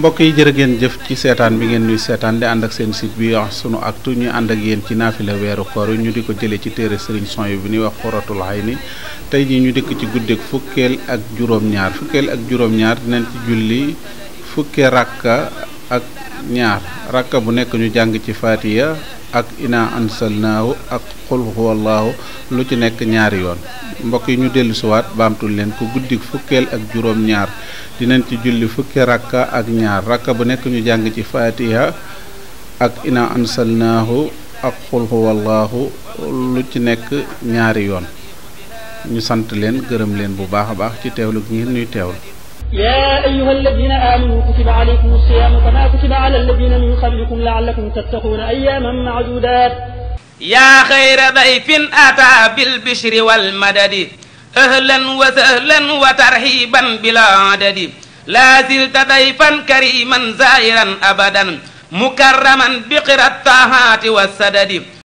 mbokk yi jërë ngeen jëf ci seetaan bi ngeen ñuy seetaan di ànd ak seen site bi wax sunu actu ñu ànd ak yéen ci naafila weeru koor ñu di ko jëlee ci téere Serigne son bi ni wax xoratul xay ni tey jii ñu dikk ci guddeeg fukkeel ak juróom-ñaar fukkeel ak juróom-ñaar dinañ ci julli fukke rakka ak ñaar rakka bu nekk ñu jàng ci fatiya ak inaa ina ansalnaahu ak xul huwallaahu lu ci nekk ñaari yoon mbokk yi ñu dellu siwaat baamtul leen ku guddik fukkeel ak juróom-ñaar dinañ ci julli fukki rakka ak ñaar rakka bu nekk ñu jàng ci fatiha ak ina ansalnaahu ak xul huwallaahu lu ci nekk ñaari yoon ñu sant leen gërëm leen bu baax a baax ci teewlu gi ngeen ñuy teewlu yaa ayuha alladina aamanu kutiba alaykum alsiyaamu kama kutiba ala min qablikum laallakum tattaquuna ayaaman maadudaat yaa xayra dayfin ataa bilbishri walmadadi ahlan wa sahlan wa tarhiban bila adadi laa zilta dayfan kariman zairan abadan mukarraman bi qiraat taahaati wa sadadi